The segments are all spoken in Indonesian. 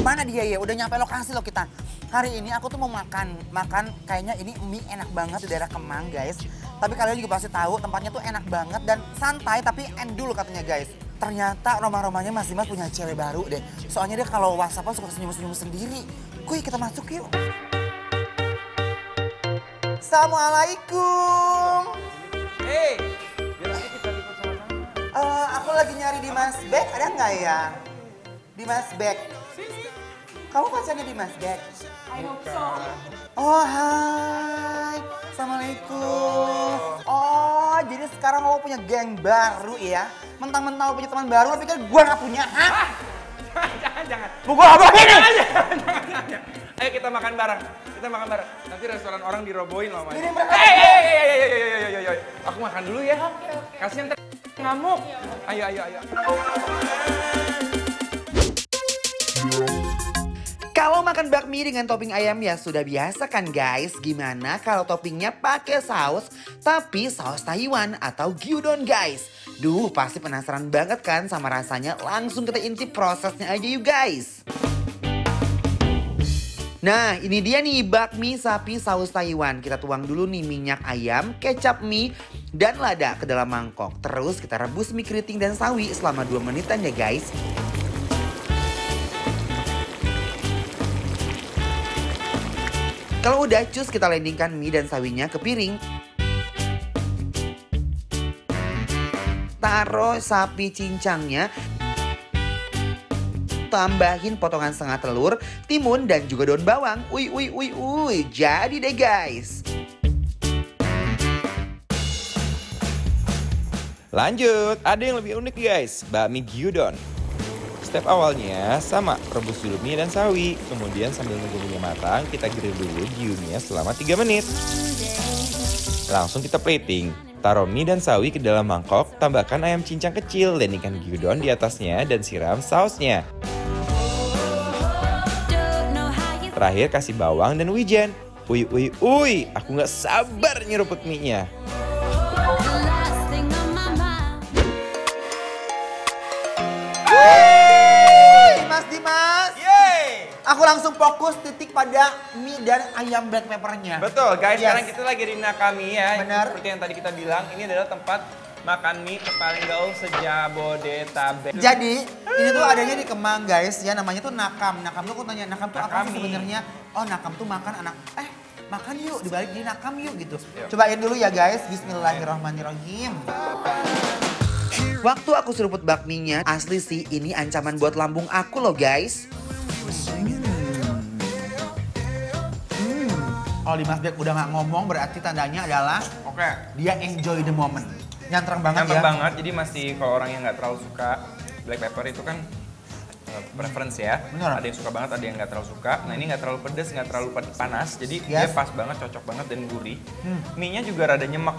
Mana dia ya? Udah nyampe lokasi loh kita. Hari ini aku tuh mau makan. Makan kayaknya ini mie enak banget di daerah Kemang guys. Tapi kalian juga pasti tahu tempatnya tuh enak banget dan santai tapi end dulu katanya guys. Ternyata rumah-rumahnya Mas Dimas punya cewek baru deh. Soalnya dia kalau whatsappan suka senyum-senyum sendiri. Kuy kita masuk yuk. Assalamualaikum. Hey, Uh, aku lagi nyari Dimas Mas Bek, ada nggak ya? Dimas Beck. Kamu pacarnya Dimas Beck? I hope so. Oh, hai. Assalamualaikum. Oh, jadi sekarang lo punya geng baru ya? Mentang-mentang lo punya teman baru, lo pikir gue gak punya, hah? Ah, jangan, jangan. Mau gue apa ini? Jangan, jangan, jangan, Ayo kita makan bareng. Kita makan bareng. Nanti restoran orang dirobohin lama. Ini mereka. Hey, hey, hey, hey, hey, hey, hey, hey, Aku makan dulu ya. Oke, oke. Kasihan ngamuk. Iya. Ayo, ayo, ayo. Kalau makan bakmi dengan topping ayam ya sudah biasa kan guys. Gimana kalau toppingnya pakai saus tapi saus Taiwan atau gyudon guys. Duh pasti penasaran banget kan sama rasanya. Langsung kita intip prosesnya aja yuk guys. Nah, ini dia nih bakmi sapi saus Taiwan. Kita tuang dulu nih minyak ayam, kecap mie, dan lada ke dalam mangkok. Terus kita rebus mie keriting dan sawi selama 2 menitan ya guys. Kalau udah cus kita landingkan mie dan sawinya ke piring. Taruh sapi cincangnya tambahin potongan setengah telur, timun, dan juga daun bawang. Ui ui ui ui, Jadi deh guys. Lanjut, ada yang lebih unik guys, bakmi gyudon. Step awalnya sama, rebus dulu mie dan sawi. Kemudian sambil nunggu mie matang, kita grill dulu giunya selama 3 menit. Langsung kita plating. Taruh mie dan sawi ke dalam mangkok, tambahkan ayam cincang kecil dan ikan gyudon di atasnya dan siram sausnya. Terakhir kasih bawang dan wijen. Ui ui ui, aku nggak sabar nyeruput mie-nya. sih Mas. Yeay. Aku langsung fokus titik pada mie dan ayam black peppernya. Betul guys, yes. sekarang kita lagi di kami ya. Benar. Seperti yang tadi kita bilang, ini adalah tempat makan mie paling gaul sejabodetabek. Jadi ini tuh adanya di Kemang guys ya namanya tuh Nakam. Nakam tuh aku tanya Nakam tuh Nakami. apa sih sebenarnya? Oh Nakam tuh makan anak eh makan yuk dibalik jadi Nakam yuk gitu. Yuk. Cobain dulu ya guys. Bismillahirrahmanirrahim. Waktu aku seruput bakminya, asli sih ini ancaman buat lambung aku loh guys. Hmm. Kalau Dimas Mas udah nggak ngomong berarti tandanya adalah oke okay. dia enjoy the moment. Nyantrang banget Nyantrang ya. banget, jadi masih kalau orang yang nggak terlalu suka black pepper itu kan eh, preference ya. Bener. Ada yang suka banget, ada yang nggak terlalu suka. Nah ini nggak terlalu pedes, nggak terlalu panas, jadi yes. dia pas banget, cocok banget dan gurih. Hmm. Mie-nya juga rada nyemek.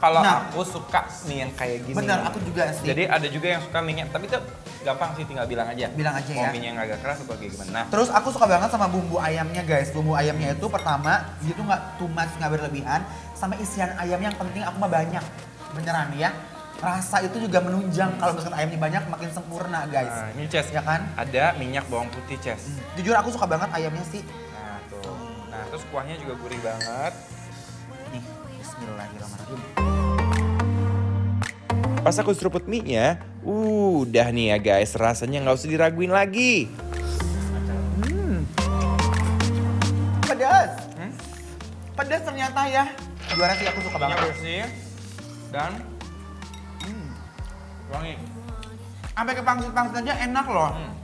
Kalau nah, aku suka mie yang kayak gini. Benar, aku juga sih. Jadi ada juga yang suka minyak, tapi itu gampang sih tinggal bilang aja. Bilang aja mau ya. Mau mie yang agak keras atau kayak gimana. Nah, terus aku suka banget sama bumbu ayamnya guys. Bumbu ayamnya itu pertama dia tuh nggak too much, nggak berlebihan. Sama isian ayam yang penting aku mah banyak. Beneran ya rasa itu juga menunjang kalau misalkan ayamnya banyak makin sempurna guys. Nah, ini chest ya kan? Ada minyak bawang putih chest. Hmm. Jujur aku suka banget ayamnya sih. Nah tuh. Nah terus kuahnya juga gurih banget. Nih. Bismillahirrahmanirrahim. Pas aku seruput mie-nya, udah nih ya guys, rasanya nggak usah diraguin lagi. Hmm. Pedas. Hmm? Pedas ternyata ya. Juara sih aku suka banget. Iya, bersih dan hmm, wangi. Sampai ke pangsit-pangsit aja enak loh. Hmm.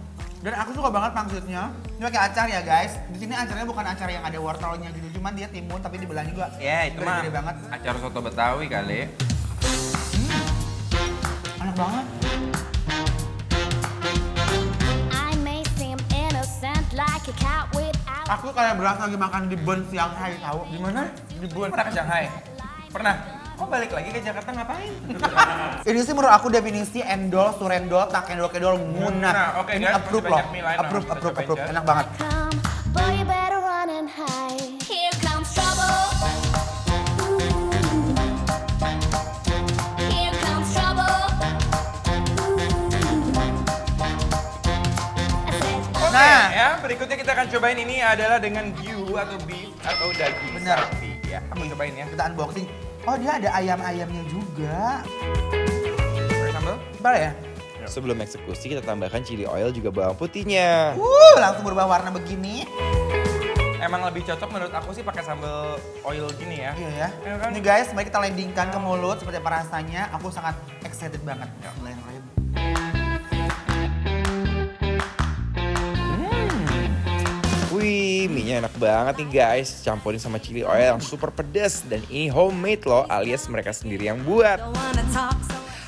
Dan aku suka banget pangsitnya. Ini pakai acar ya guys. Di sini acarnya bukan acar yang ada wortelnya gitu, cuman dia timun tapi dibelah juga. Iya, yeah, itu mah. banget. Acar soto Betawi kali. Hmm. Enak banget. Aku kayak berasa lagi makan di Bun Siang Hai tahu. Di mana? Di Bun. Pernah ke Shanghai? Pernah kok balik lagi ke Jakarta ngapain? Ini sih menurut aku definisi endol, surendol, tak endol, kedol, munah. Nah, oke okay, Ini guys, approve loh. Approve, approve, approve, approve. Enak banget. Nah, ya, berikutnya kita akan cobain ini adalah dengan view atau beef atau daging. Benar. ya, kamu cobain ya. Kita unboxing. Oh dia ada ayam-ayamnya juga. Sambal? Sambal ya? ya? Sebelum eksekusi kita tambahkan chili oil juga bawang putihnya. Uh, langsung berubah warna begini. Emang lebih cocok menurut aku sih pakai sambal oil gini ya. Iya ya. Iya kan? Ini guys, mari kita landingkan ke mulut seperti apa rasanya. Aku sangat excited banget. Ya. Mulai, mulai. Wih, mie enak banget nih guys. Campurin sama chili oil yang super pedes Dan ini homemade loh alias mereka sendiri yang buat.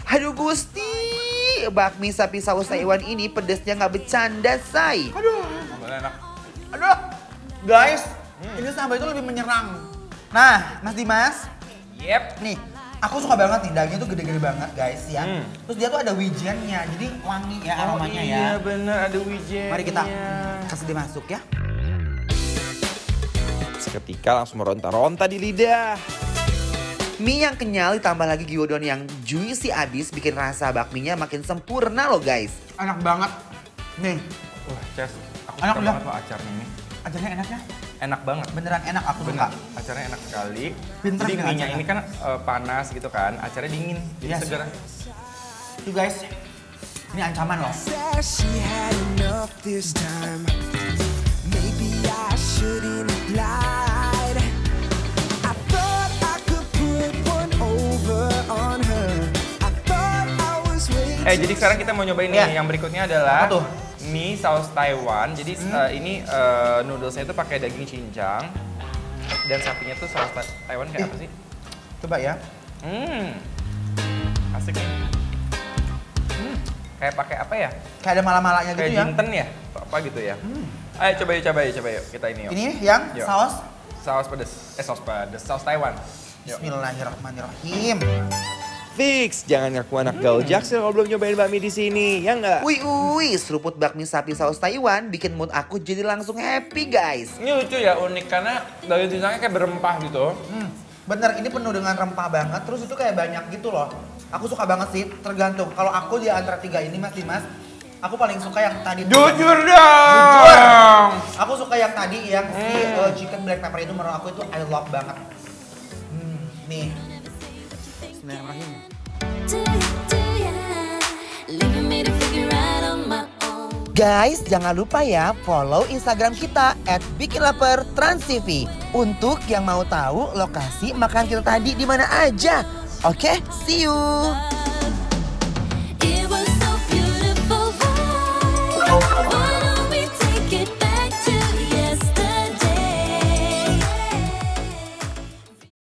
Aduh Gusti, bakmi sapi saus Taiwan ini pedesnya nggak bercanda, say. Aduh, enak. Aduh, guys, hmm. ini sambal itu lebih menyerang. Nah, Mas Dimas. Yep. Nih, aku suka banget nih dagingnya tuh gede-gede banget guys ya. Hmm. Terus dia tuh ada wijennya, jadi wangi ya oh, aromanya oh, iya, ya. Iya bener ada wijennya. Mari kita kasih dimasuk ya seketika langsung meronta-ronta di lidah. Mie yang kenyal ditambah lagi gyudon yang juicy abis bikin rasa bakminya makin sempurna loh guys. Enak banget. Nih. Wah, Ces. Aku enak banget loh acarnya ini. Acarnya enaknya? Enak banget. Beneran enak aku Bener. suka. Acarnya enak sekali. Pinter Jadi mie ini kan uh, panas gitu kan. Acarnya dingin. Jadi yes. segera. Tuh guys. Ini ancaman loh. Eh jadi sekarang kita mau nyobain nih. Yeah. Yang berikutnya adalah Apa tuh? mie saus Taiwan. Jadi hmm. uh, ini uh, noodlesnya itu pakai daging cincang dan sapinya tuh saus Taiwan kayak apa sih? Coba ya. Hmm. Asik nih kayak pakai apa ya? Kayak ada malam malanya gitu ya? Kayak jinten ya? Apa gitu ya? Hmm. Ayo coba yuk, coba yuk, coba yuk. Kita ini yuk. Ini yang yuk. saus? Saus pedes. Eh saus pedes, saus Taiwan. Yuk. Bismillahirrahmanirrahim. Fix, jangan ngaku anak gaul hmm. jaksel jaksil kalau belum nyobain bakmi di sini, ya nggak? Wih, wih, seruput bakmi sapi saus Taiwan bikin mood aku jadi langsung happy guys. Ini lucu ya, unik karena dari tulisannya kayak berempah gitu. Hmm, bener, ini penuh dengan rempah banget, terus itu kayak banyak gitu loh Aku suka banget sih, tergantung. Kalau aku di antara tiga ini Mas Dimas, aku paling suka yang tadi. Jujur dong. Jujur. Aku suka yang tadi yang hmm. uh, chicken black pepper itu menurut aku itu I love banget. Hmm, nih. Bismillahirrahmanirrahim. Guys, jangan lupa ya follow Instagram kita at Trans TV untuk yang mau tahu lokasi makan kita tadi di mana aja. Okay, see you.